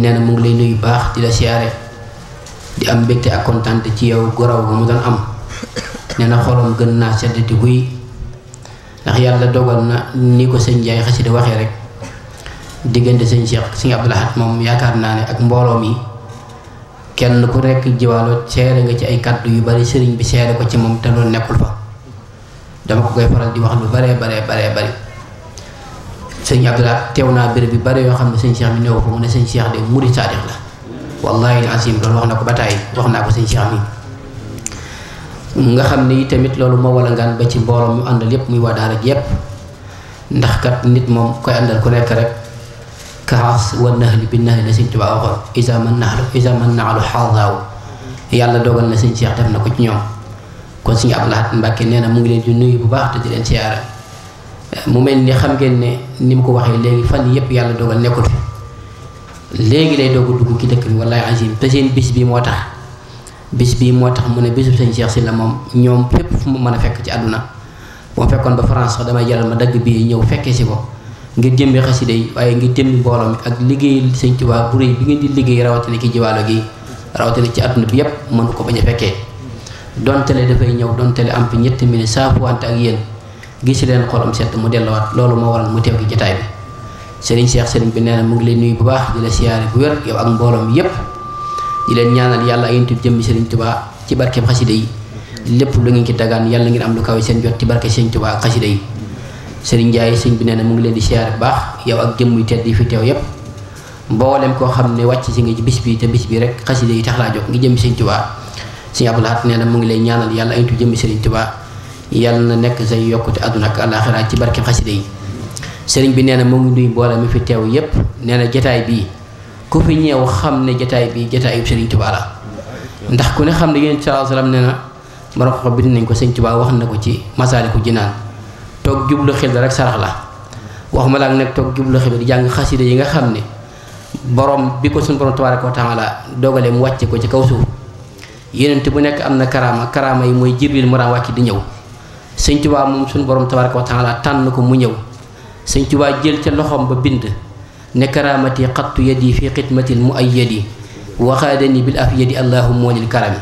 nee na mu ngi lay nuyu baax di la siyaare di am mbégte ak kontaan ci yow goraw ba mu doon am nee na xolam gën naa sedd di guy ndax yàlla dogal na ni ko sëñ Njaay xasida waxee rek diggante sëñ Cheikh sëñ Abdou Lahad moom yaakaar naa ne ak mbooloo mi kenn ku rekk jiwaalo seere nga ci ay kàddu yu bari sëriñ bi seere ko ci moom te loolu nekkul fa dama ko koy faral di wax lu baree baree baree bari sëñ Abdoulaat teew naa béréb bi bare yoo xam ne sëñ Cheikh mi néew ko mu na sëñ seex de murid saadix la wallahi azim loolu wax na ko ba tàyyi wax naa ko sëñ Cheikh mi nga xam ni tamit loolu moo wala ngaan ba ci mbooloo mu àndal yépp muy waa daara ji yépp ndax kat nit moom koy àndal ku nekk rek kaas wa nahli bi nahli la sëñ Tuubaa waxoon isa man nahlu isa man nahlu xaazaaw yàlla dogal na sëñ Cheikh def na ko ci ñoom kon sëñ Abdoulaat Mbàkke nee na mu ngi leen di nuyu bu baax mu mel ni xam ngeen ne ni mu ko waxee léegi fan yëpp yàlla dogal nekkul fi léegi lay doog a dugg ci dëkk bi wallaay azim te seen bis bi moo tax bis bi moo tax mu ne bisu sëñ Cheikh si la moom ñoom fépp fu mu mën a fekk ci àdduna boo fekkoon ba France sax damay jaral ma dagg bii ñëw fekkee si ko ngir jëmmi xasida yi waaye ngir jëmmi mbooloo mi ak liggéey sëñ Tuubaa bu réy bi ngeen di liggéey rawatina ki jiwaalo gi rawatina ci àdduna bi yëpp mën ko bañ a fekkee dontele dafay ñëw dontele am fi ñetti minutes saafuwante ak yéen gis leen xolam sett mu delluwaat loolu moo waral mu teew gi jotaay bi sëriñ Cheikh sëriñ bi nee mu ngi leen nuyu bu baax di la siyaare bu wér yow ak mbooloom yépp di leen ñaanal yàlla ay yentub jëmmi sëriñ Tuubaa ci barkeb yi lépp lu ngeen ci dagaan yàlla ngeen am lu kawe seen jot ci barke sëriñ Tuubaa ak xasida yi sëriñ Ndiaye sëriñ bi nee na mu ngi leen di siyaare bu baax yow ak jëmm yu tedd yi fi teew yépp mboolem koo xam ne wàcc si nga ci bis bi te bis rek xasida yi tax laa jóg ngi jëmmi sëriñ Tuubaa sëriñ mu ngi leen ñaanal yàlla ay yentub jëmmi sëriñ Tuubaa yàlla na nekk say yokkute àdduna ak àllaaxira ci barke xasida yi sëriñ bi nee na mu ngi nuyu mbooloo mi fi teew yépp nee na jataay bii ku fi ñëw xam ne jataay bii jataayub sëriñ Tuubaa ndax ku ne xam ne yonent sallallaahu alayhi wa sallam nee na borom xam bind nañ ko sëriñ Tuubaa wax na ko ci Masaaliku Jinaan toog jublu xel rek sarax la waxuma la nag toog jublu xel di jàng xasida yi nga xam ne borom bi ko suñu borom tabaaraka wa la dogalee mu wàcce ko ci kaw suuf yonent bu nekk am na karaama karaama yi mooy Jibril mu daan wàcc di ñëw sëñ Tuubaa moom suñu borom tabaraka wa taala tànn ko mu ñëw sëñ Tuubaa jël ca loxoom ba bind ne karaamati xattu yadi fi xidmatil mu ay yadi waxaadani bil af yadi allahumma lil karami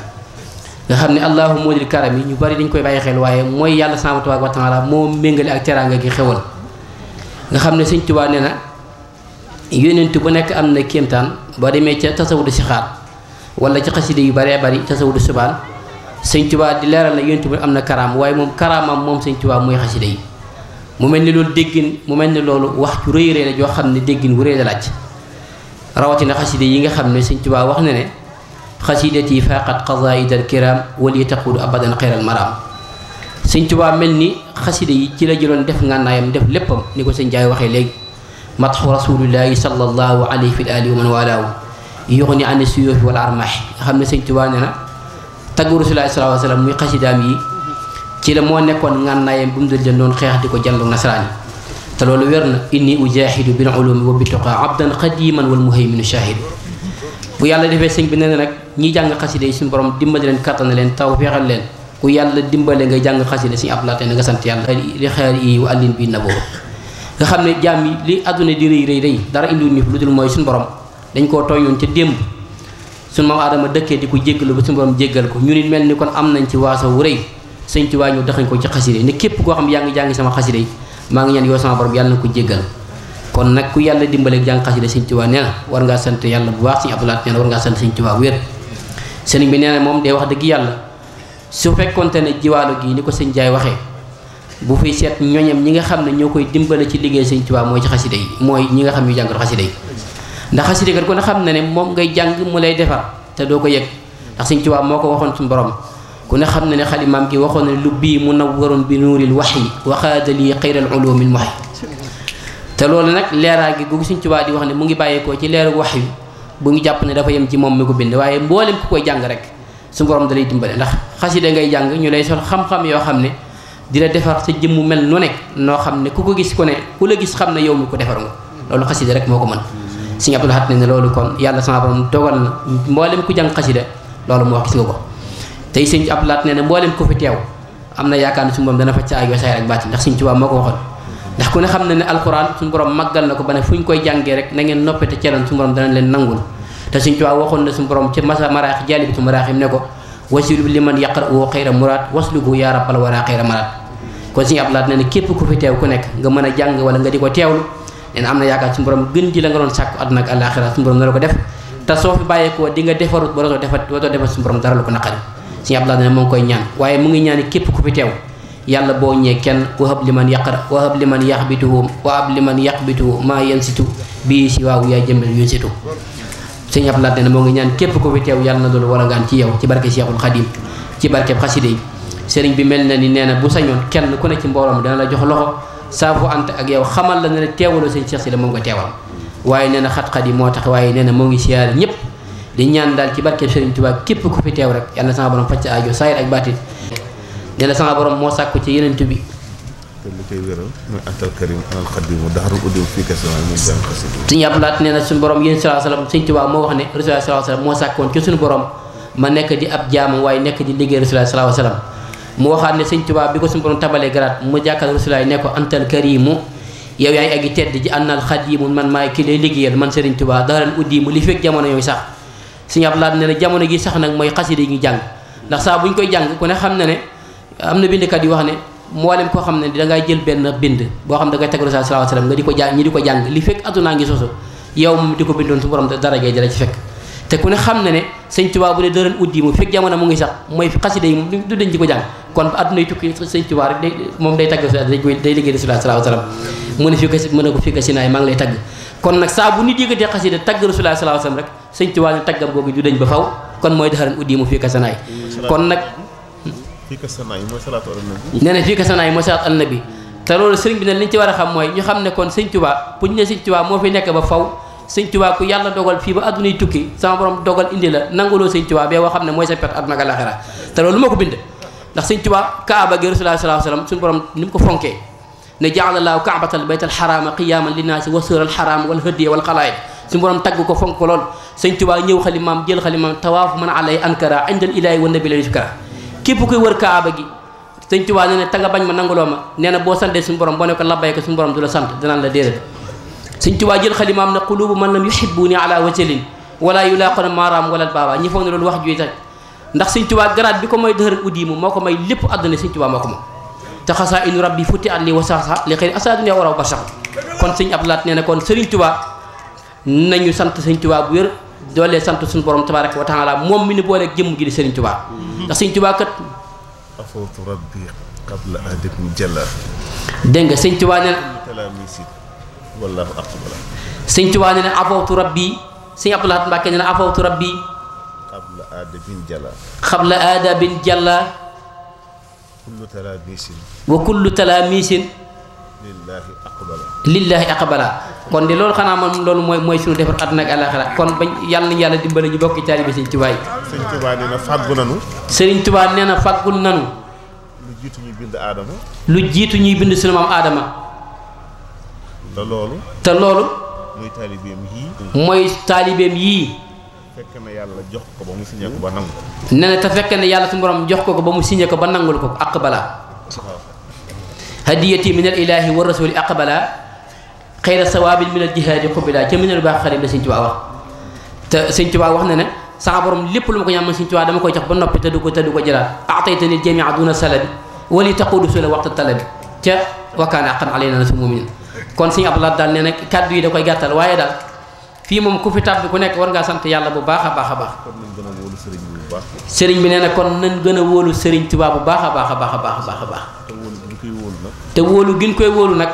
nga xam ne allahumma lil karami ñu bari dañ koy bàyyi xel waaye mooy yàlla sama tabaraka wa taala moo méngale ak teraanga gi xewal nga xam ne sëñ Tuubaa nee na yónent bu nekk am na kéemtaan boo demee ca tasawudu sixaat wala ci xaside yu baree bari tasawudu subaan sëñ Tuubaa di leeral na yonent bi am na karaam waaye moom karaamam moom sëñ Tuubaa mooy xasida yi mu mel ni loolu déggin mu mel ni loolu wax ju rëy rëy la joo xam ne déggin wu rëy la laaj rawatina xasida yi nga xam ne sëñ Tuubaa wax na ne xasidati faqat qazaid al kiram wali taqudu abadan xeyral maram sëñ Tuubaa mel ni xasida yi ci la jëloon def ngànnaayam def léppam ni ko sëñ Jaay waxee léegi matxu rasulillahi sallallahu alayhi wa alihi wa man walaahu yuxni an suyuufi wal armaax nga xam ne sëñ Tuubaa ne na taggu rasulaay sallallahu alayhi wasallam muy xasidaam yi ci la moo nekkoon ngànnaayam bu mu dul doon xeex di ko jàllu nasaraan yi te loolu wér na inni bi bil ulumi wa bituqa abdan qadiman wal muhayminu shahidu bu yàlla defee sëñ bi nee na nag ñi jàng xasida yi suñu borom dimbali leen kattana leen taw feexal leen ku yàlla dimbale nga jàng xasida suñu ablaate na nga sant yàlla li xeer yi wa àllin bi na boobu nga xam ne jaam yi li àdduna di rëy rëy rëy dara indiwul ñu lu dul mooy suñu borom dañ suñ maam aadama dëkkee di ko jéggalu ba suñu borom jéggal ko ñu nit mel ni kon am nañ ci waaso wu rëy sëñ Tuubaa ñu dëxañ ko ci xasida yi ne képp koo xam yaa ngi jàngi sama xasida yi maa ngi ñaan yow sama borom yàlla na ko jéggal kon nag ku yàlla dimbale jàng xasida sëñ Tuubaa nee na war ngaa sant yàlla bu baax sëñ Abdoulaye nee na war ngaa sant sëñ Tuubaa wér sëñ bi nee na moom day wax dëgg yàlla su fekkonte ne jiwaalo gi ni ko sëñ jaay waxee bu fi seet ñoñam ñi nga xam ne ñoo koy dimbale ci liggéey sëñ Tuubaa mooy ci xasida mooy ñi nga xam ñu jàngal xasida yi ndax xasida ko ku ne xam na ne moom ngay jàng mu lay defar te doo ko yëg ndax Sëñ Tuubaa moo ko waxoon suñu borom ku ne xam na ne xalimaam ki waxoon ne lu bii munawwarun bi nuuril waxyi waxaada lii xayral ulumil muhyi te loolu nag leeraa gi googu Sëñ Tuubaa di wax ne mu ngi bàyyeekoo ci leeru wax yi bu ngi jàpp ne dafa yem ci moom mi ko bind waaye mboolem ku koy jàng rek su borom dalay dimbale ndax xasida ngay jàng ñu lay sol xam-xam yoo xam ne di la defar sa jëmm mel nu ne noo xam ne ku ko gis ku ne ku la gis xam ne yow mi ko defar nga loolu xasida rek moo ko mën sëñ Abdul Ahad ne ne loolu kon yàlla sama borom dogal na mboolem ku jàng xasida loolu mu wax gis nga ko na yaakaar ba ne fu ñu koy na ngeen noppete ceeloon suñu borom dana leen nangul te sëñ Tuubaa waxoon na suñu borom ci masa maraax jaali bi tu maraaxim ne ko wasilu ne képp ku fi teew ku nekk nga mën a jàng wala nga di ko teewlu nee na am na yaakaar suñu borom gën ji la nga doon sàkku àdduna ak àllaaxira suñu borom na la ko def te soo fi bàyyeekoo di nga ba dootoo defat dootoo defat suñu borom dara lu ko naqari suñu Abdallah ne moo ngi koy ñaan waaye mu ngi ñaani képp ku fi teew yàlla boo ñee ne moo ngi ñaan képp ku fi teew yàlla na loolu war a ngaan ci sëriñ bi mel na ni nee bu sañoon kenn ku ne ci mbooloo mu dana la jox loxo saafo ant ak yow xamal la ne teewaloo sëñ Cheikh si la moom nga teewal waaye nee na xat-xat yi moo tax waaye nee na moo ngi siyaare ñëpp di ñaan daal ci barkeb Sëriñ Tuubaa képp ku fi teew rek yàlla na sama borom faj sa aajo saayir ak baatit nee borom moo sàkku ci yeneen bi li koy wéral mooy antal karim anal xadim daxaru uddiw fii kasamaa muy jàng xasida suñu ablaat nee na suñu borom yéen salaa salaam sëñ moo wax ne rasulullah salaa salaam moo ma nekk di ab jaamam waaye nekk di liggéey rasulullah salaa salaam mu waxaat ne sëñ tubaab bi ko suñu borom tabalee garaat mu jàkkal rasulaay ne ko antal karimu yow yaay agi tedd ji yi xadiimu man maay ki lay liggéeyal man sëriñ Tuubaa daaran uddiimu li fekk jamono yooyu sax sëñ Abdulaat ne na jamono gi sax nag mooy xasida yi ñu jàng ndax saa bu ñu koy jàng ku ne xam ne ne am na bindkat yi wax ne mboolem koo xam ne da ngay jël benn bind boo xam ne da ngay teg rasulaay salaam nga di ko jàn ñi di ko jàng ko bindoon su borom daraje dara ci fekk te ku ne xam na ne sëñ Tuubaa bu ne dërën uddi moom fekk jamono mu ngi sax mooy xasida yi moom du dañ ne fii ko mën ne kon nag saa ne fii ko mooy salaatu ala te loolu sëriñ bi ne li ci war a xam mooy ñu xam ne kon sëñ Tuubaa bu ne sëñ Tuubaa moo fi nekk ba faw sëñ Tuubaa ku yàlla dogal fii ba adduna yi tukki sama borom dogal indi la nangaloo sëñ Tuubaa bee boo xam ne mooy sa pet adduna ak alaxira te loolu ma ko bind ndax sëñ Tuubaa kaaba gi rasulullah sallallahu alayhi wasallam suñu borom ni mu ko fonkee ne jaalallaahu kaabatal baytal xaraama qiyaaman linnaasi wa sural xaraam wal ko fonk ko lool sëñ Tuubaa ñëw jël xalimaam tawaafu man alay ankara indal ilaahi wa nabi la képp kuy wër kaaba gi sëñ Tuubaa nee na bañ ma nangaloo ma nee na boo santee suñu borom boo ne ko labbayka suñu borom du la sant dinaan la déedéet sëñ tubaa jël xalimaam ne qulubu man lam yuhibbuni ala wajalin wala yulaaquna maaraam wala baaba ñi foog ne loolu wax juy taj ndax sëñ tubaa garaat bi ko may dëxëral uddiimu moo ko tubaa ko moom te xasaa inu rabbi futti at li wasaasa li xëy asaa dunya waraw barsax kon sëñ abdulaat na kon sant sëñ tubaa bu wér doolee sant suñu borom tabaraka wa taala moom mi ni booleeg jëmm ji di sëriñ tubaa ndax sëñ tubaa kat afawtu rabbi qabla adim jalla dégg nga sëñ tubaa nee na wallaahu akbar sëñ Tuubaa ne na afawtu rabbi na afawtu rabbi xabla aadabin jalla xabla aadabin jalla kullu talaamisin wa kullu talaamisin lillaahi aqbala lillaahi mooy mooy suñu defar àdduna ak àllaaxira kon ñu bokk taalibe sëñ Tuubaa yi sëñ nanu sëriñ Tuubaa nee na fàggul nanu lu jiitu ñuy bind aadama lu aadama te loolu. te loolu. mooy taalibeem yii. mooy taalibeem yii. fekk na yàlla jox ko ba mu signé ko ba na te fekke ne yàlla suñu borom jox ko ko ba mu signé ko ba nangul ko ak balaa. hadiyati min al ilahi wa rasuli ak balaa xayra sawaabin min al jihaadi xubbilaa ca minal baax xarim la Sëñ Tuubaa wax te Sëñ Tuubaa wax na ne. sama borom lépp lu ma ko ñaan man Sëñ Tuubaa dama koy jox ba noppi te du ko te du ko jëlaat ataytani jamia duna salabi wali taqudu sula waxta talabi ca wakkaane aqan aleyna na su kon Sëriñ Abdou Lahad daal nee na kàddu yi da koy gàttal waaye daal fii moom ku fi tàbbi ku nekk war ngaa sant yàlla bu baax a baax a baax. sëriñ bi nee na kon nañ gën a wóolu sëriñ Tuubaa bu baax a baax a baax a baax a baax. te wóolu gin koy wóolu nag.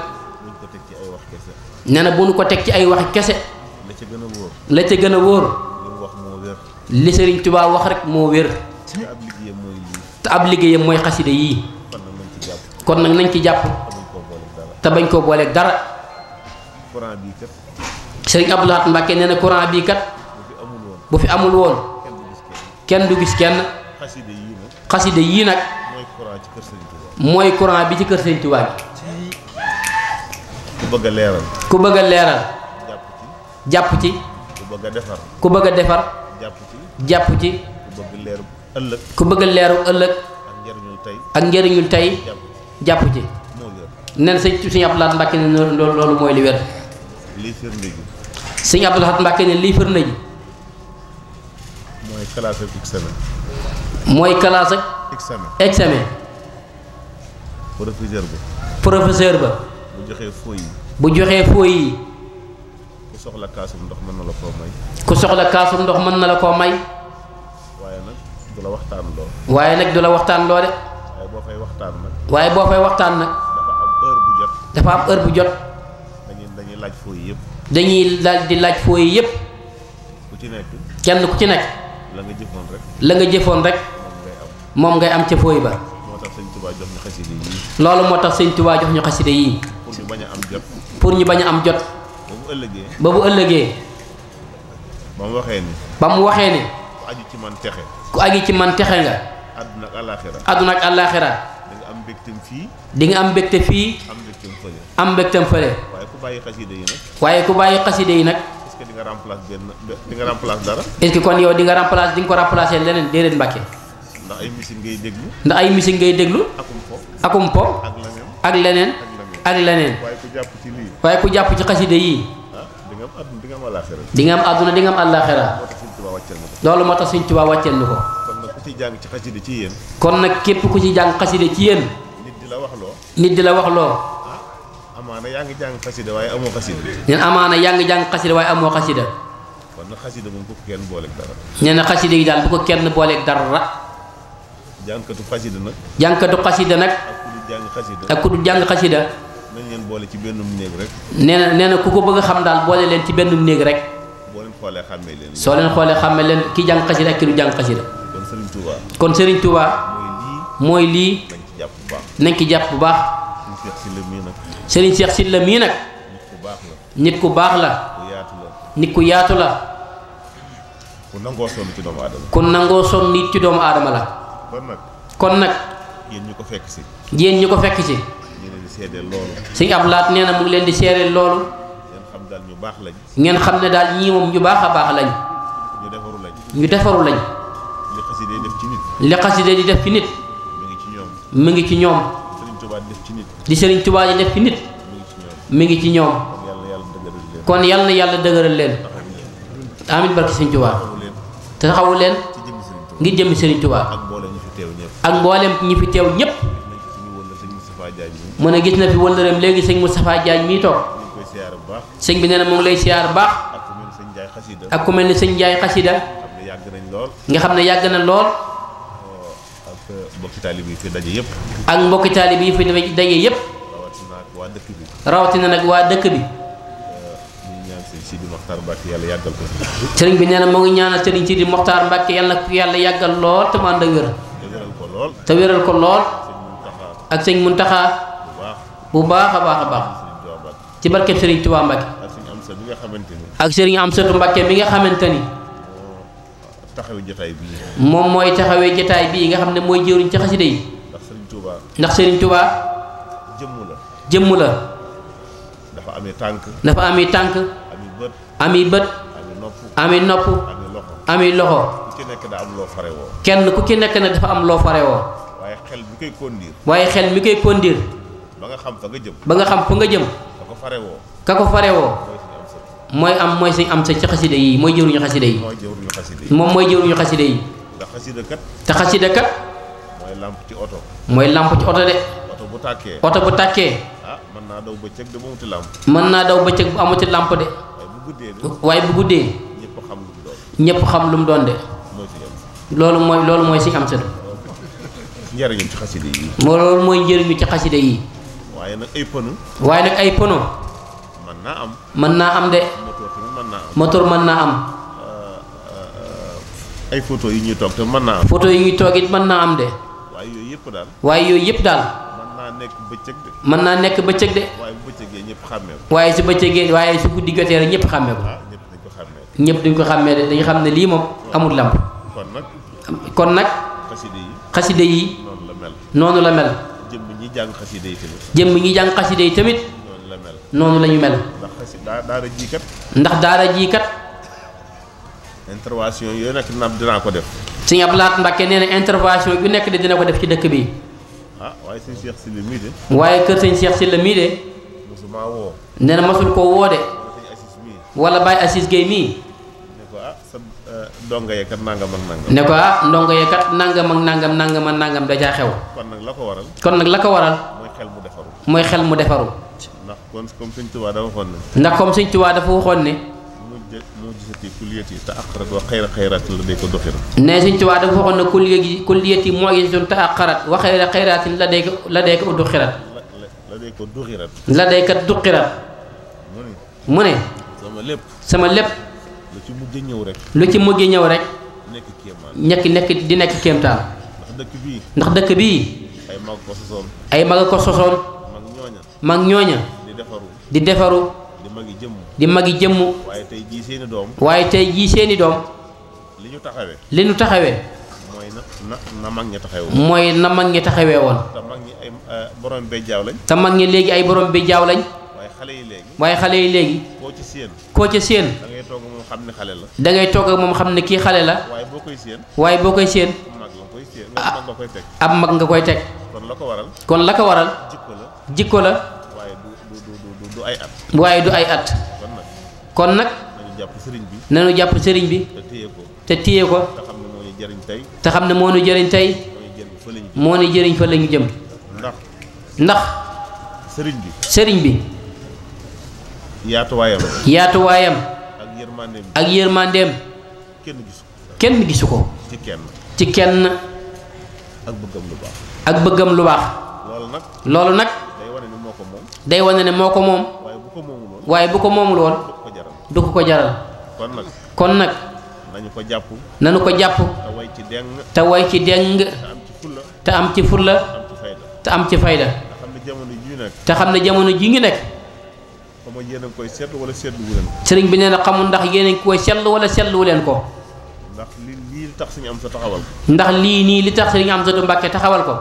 nee na bu nu ko teg ci ay waxi kese. la ca gën a wóor. la ca gën a wóor. li sëriñ Tuubaa wax rek moo wér. te ab liggéeyam mooy xasida yii. kon nag nañ ci jàpp. te bañ koo booleeg dara. courant bii kat. sëriñ Abdou nee na courant bii kat. bu fi amul woon. kenn du gis kenn. xaside yii nag. xaside yii mooy courant bi ci kër sëriñ ku bëgg a leeral. ku bëgg leeral. jàpp ci. ku bëgg defar. ku bëgg a defar. jàpp ci. jàpp ku bëgg leeru ëllëg. ku bëgg leeru ak njëriñul tey. jàpp ci. nen sëñ sëñ Abdou Lahad Mbàkke ne loolu mooy li wér lii firnde ji sëñ Abdou Lahad Mbàkke ne lii firnde ji mooy classe examen mooy classe ak examen professeur ba professeur ba bu joxee fooy yi bu joxee fooy ku soxla kaasum ndox mën na la koo may soxla kaasum ndox mën na la koo may waaye nag du la waxtaan loo waaye waaye boo fay waxtaan nag waaye boo fay waxtaan nag dafa am heure bu jot. dañuy laaj fooy yëpp. dañuy daal di laaj fooy yëpp. ku kenn ku ci nekk. la nga jëfoon rek. la nga jëfoon rek. moom ngay am ca fooy ba. moo tax sëñ Tuubaa jox ñu xaside yii. loolu moo tax sëñ Tuubaa jox ñu xaside yii. pour ñu bañ a am jot. pour ñu bañ a am jot. ba bu ëllëgee. ba mu waxee ni. ba mu waxee ni. ku aju ci man ku aju ci man texe nga. àdduna ak àllaaxira. àdduna ak àllaaxira. mbégteem fii. di nga am mbégte fii. am mbégteem fële. am mbégteem fële. waaye ku bàyyi xaside yi nag. waaye kon yow di nga remplace ko remplacer leneen déedéet Mbàkke. ndax ay musique ngay déglu. ndax ay po ak leneen ak leneen. waaye ku jàpp ci xaside yii. Ah, di am àdduna di am àllaaxira. loolu moo tax Sëñ Tuubaa wàcceel na ko ciy jàng ci xasida ci yéen. kon nag képp ku ci jàng xasida ci yéen. nit di la wax loo. nit di la wax loo. Ah, amaana yaa ngi jàng xasida waaye amoo xasida. nee na amaana yaa ngi jàng xasida waaye amoo xasida. kon nag xasida moom bu ko kenn booleeg dara. nee na yi daal bu ko kenn booleeg dara. jànkatu xasida nag. jànkatu xasida nag. ak ku du jàng xasida. nañ leen boole ci benn néeg rek. neen na nee na ku ko bëgg a xam daal boole leen ci benn néeg rek. boo leen xoolee xàmmee leen. soo leen xoolee xàmmee leen ki jàng xasida ak ki du jàng xasida. Serigne Touba kon Serigne Touba mooy lii nañ ci jàpp bu baax Serigne Cheikh Sylla mii nag nit ku baax la nit ku yaatu la ku nangoo sonn ci doomu aadama ku nangoo sonn nit ci doomu aadama la kon nag yéen ñu ko fekk si yéen ñu ko fekk si ab laat nee na mu ngi leen di seedeel loolu ngeen xam ne daal ñii moom ñu baax a baax lañ ñu defaru lañ day def ci nit. li xasida di def ci nit. mi ngi ci ñoom. mi ngi ci ñoom. di Serigne Touba di def ci nit. mi ngi ci ñoom. kon yal na yàlla dëgëral leen. amit barki Serigne Touba. te taxawu leen. ngir jëmmi Serigne Touba. ak mboolem ñu fi teew ñëpp. mu ne gis na fi wëllëreem léegi sëñ Moustapha Diagne mii toog. sëñ bi nee na mu ngi lay siyaar baax. ak ku mel ni sëñ Ndiaye xasida. lool. nga xam ne yàgg na lool. Oh, euh, ak mbokki taalib yi fi daje yëpp. ak mbokki daje yëpp. rawatina nag waa dëkk bi. rawatina bi. Euh, Sidi Mokhtar Mbacke yàlla yàggal ko. sëriñ bi nee na ngi ñaanal sëriñ Sidi Mokhtar Mbacke yàlla na yàlla yàggal lool te mu ànd ak wér. te wéral ko lool. te wéral ko ak sëñ Muntaxa. bu baax a baax a baax. ci barkeb sëriñ Tuubaa ak sëriñ Amsatu Mbacke mi nga xamante taxawee jotaay bii. moom mooy taxawee jataay bii nga xam ne mooy jëwriñ ci xasida yi. ndax Serigne Touba. ndax Serigne Touba. jëmm la. jëmm la. dafa ame tànk. dafa amee tànk. ami bët. ami bët. nopp. am loxo. ami loxo. nekk daa loo fare kenn ku ci nekk nag dafa am loo fare woo. waaye xel mi koy conduire. waaye xel mi koy conduire. ba nga xam fa nga jëm. ba nga xam fa nga jëm. ka ko fare mooy am mooy suñ am sa ci xasida yi mooy jëruñu xasida yi moom mooy jëruñu xasida yi ci bu tàkkee oto bu tàkkee ah mën naa daw bëccëg de bu amuti làmp mën naa daw bëccëg bu amuti làmp de waaye bu guddee ñëpp xam lu doon de loolu mooy loolu mooy si am sa njëriñu ci xasida yi moo loolu mooy njëriñu ci xasida yi waaye nag ay pono waaye nag ay pono mën naa am de moteur mën naa am. ay photo yu ñuy toog te mën naa photo yu ñuy toog it mën naa am de. waaye yooyu yëpp daal. waaye yooyu yëpp daal. mën naa nekk bëccëg de. mën naa nekk bëccëg de. waaye bu bëccëgee ñëpp xàmmee ko. waaye su bëccëgee waaye su guddi jotee rek ñëpp xàmmee ko. waaw ah, ñëpp ko xàmmee. ñëpp dañ ko xàmmee de dañu xam ne lii moom amul lamp. kon nag. kon nag. xaside yi xaside yi. noonu la mel. noonu la mel. jëmm ñi jàng xaside yi tamit. jëmm ñi jàng xaside yi tamit. noonu la mel. la ñu mel. ndax daara jii kat. intervention yooyu nekk dinaa ko def. si Abdou Lahad Mbacké nee na intervention bu nekk di dina ko def ci dëkk bi. ah waaye sëñ Cheikh Sylla mii waaye kër sañ Cheikh Sylla mii de. mosuma woo. nee na mosul koo woo de. wala Baye Assis Gueye mii. ne ko ah sa eh, ndongo yee kat nangam ak nangam. ne ko ah, ndongo yee kat nangam ak nangam nangam ak nangam da caa xew. kon nag la ko waral. kon nag la ko waral. mooy xel mu defaru. mooy xel mu defaru. kon comme sëñ Tuubaa dafa waxoon ne. ndax comme sëñ Tuubaa dafa waxoon ne. moo gisati kulliyati te aqarat wa xayra xayraatin la day ko doxira. ne moo gisatoon te wa xayra xayraatin la day ko la day ko doxirat. la day ko doxirat. la mu ne. sama lépp sama lépp. lu ci mujj ñëw rek. lu ci mujj ñëw rek. nekk kéemaan nekk di nekk kéemtaan. ndax dëkk bii. ndax ay mag ko ko sosoon. mag ñooña. di defaru di defaru di magi jëmm di magi jëmm waaye tey jii seeni doom waaye tey jii seeni doom li ñu taxawee li ñu taxawee mooy na na mag ñi taxawee woon mooy na mag ñi taxawee woon mag ñi ay eh, borom bejjaaw lañ te mag ñi léegi ay borom bejjaaw lañ waaye xale yi léegi waaye xale yi léegi koo ci séen koo ci séen da ngay toog moom xam ne xale la dangay ngay toog moom xam ne kii xale la waaye boo koy séen waaye boo koy séen ab mag nga koy teg kon la ko waral kon la ko waral jikko la ay at. waaye du ay at. kon nag. nañu jàpp bi. nañu jàpp sëriñ bi. te téye ko. te téye ko. te xam ne moo ñu jëriñ tey. te xam ne moo ñu jëriñ tey. moo ñu jëriñ fa la ñu jëm. ndax. ndax. sëriñ bi. sëriñ bi. yaatuwaayam. yaatuwaayam. ak yërmandeem. ak yërmandeem. kenn gisu ko. ci kenn. ci kenn. ak bëggam lu baax. loolu nag. day wane ne moo ko moom waaye bu ko moomul woon du ko ko jaral kon nag nañu ko jàpp nañu ko jàpp te way ci deng te am ci fulla te am ci fayda te xam ne jamono ji ngi nekk sëriñ bi nee na xamul ndax yéen a ngi koy seetlu wala leen ko ndax lii nii li tax sëriñ Amsatu Mbàkke taxawal ko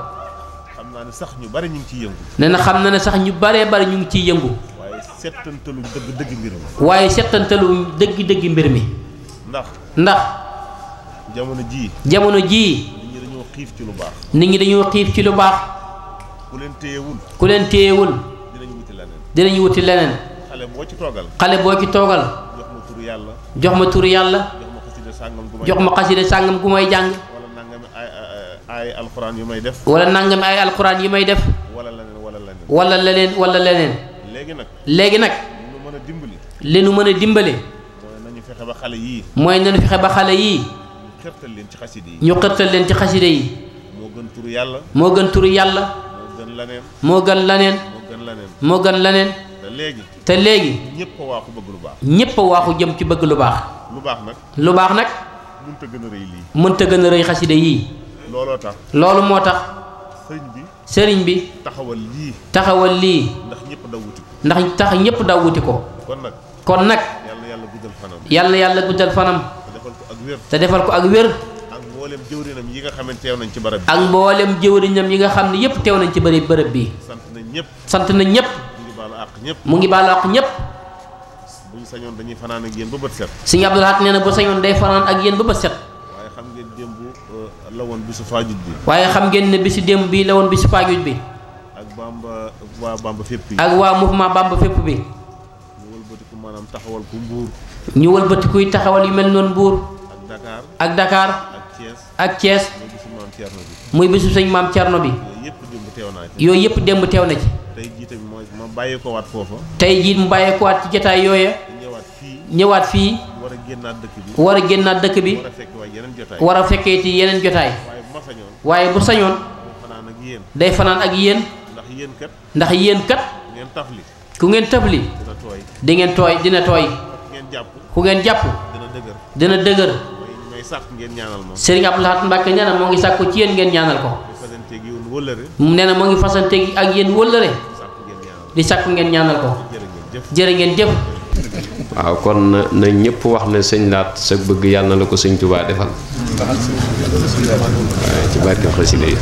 naa ne sax ñu bari ñu ngi ciy yëngu. nee na xam na ne sax ñu baree bari ñu ngi ciy yëngu. waaye settantalu dëgg dëgg mbir mi. waaye settantalu dëgg dëgg mbir mi. ndax ndax. jamono ji jamono ji nit ñi dañoo xiif ci lu baax. nit ñi dañoo ci lu baax. ku leen téyewul. ku leen téyewul. dinañ wuti leneen. dinañ xale boo ci toogal. xale boo ci jox ma turu yàlla. jox ma turu sàngam gu may jàng. ay alxuraan yu may def. wala nangam ay alxuraan yu may def. wala leneen wala leneen. wala leneen wala leneen. léegi nag léegi nag. li nu mën a dimbali. li nu mën a dimbali. mooy nañu fexe ba xale yii. mooy nañu fexe ba xale yii. ñu xërtal leen ci xaside yi. ñu xërtal leen ci xaside yi. moo gën turu yàlla. moo gën turu yàlla. moo gën laneen. moo gën laneen. moo gën laneen. te léegi. te léegi. ñëpp a waaxu bëgg lu baax. jëm ci bëgg lu baax. lu baax nag. lu baax nag. mënta gën a rëy lii. yii looloo tax. loolu moo tax. sëriñ bi sëriñ bi. taxawal lii. taxawal lii. ndax ñëpp daw wuti ko. ndax tax ñëpp daw wuti ko. kon nag. kon nag. yàlla yàlla guddal fanam. yàlla yàlla guddal fanam. te defal ko ak wér. te defal ko ak wér. ak mboolem jëwriñam yi nga xam ne teew nañ ci bërëb bi. ak mboolem jëwriñam yi nga xam ne yëpp teew nañ ci bëri bërëb bi. sant nañ ñëpp. sant nañ ñëpp. mu ngi baalu àq ñëpp. mu ngi baalu àq ñëpp. bu ñu sañoon fanaan ak yéen ba nee na bu sañoon day fanaan ak yéen ba set la woon bisu faajuj bi. waaye xam ngeen ne bisu démb bii la bi bisu faajuj bi. ak bamba a bamba fépp yi. ak waa mouvement bamba fépp bi. ñu wëlbatiku maanaam taxawal yu mel noonu mbuur. ak Dakar ak Dakar. ak Thiès muy bisu sëñ maam Thierno bi. yooyu yëpp démb teew na ci. tey jii mu bàyyi ko ci jotaay yooya. ñëwaat fii. génnaat dëkk bi war a génnaat dëkk bi war a fekkee ci yeneen jotaay waaye bu sañoon day fanaan ak yéen ndax yéen kat ku ngeen tafli di ngeen tooy dina tooy ku ngeen jàpp dina dëgër sëriñ Abdou Lahad Mbacke nee na moo ngi sàkku ci yéen ngeen ñaanal ko nee na moo ngi fasante ak yéen wëllëre di sàkku ngeen ñaanal ko jërë ngeen jëf waaw kon na ñëpp wax ne sëñ laat sa bëgg yàlla na la ko sëñ Tuubaa defal waaw ci barke xasida yi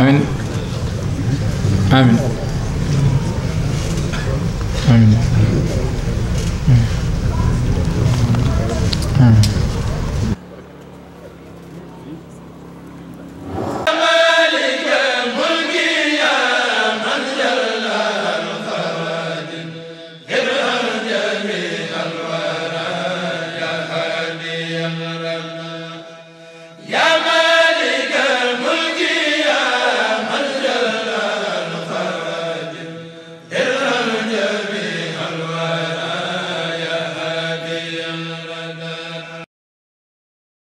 amin amin amin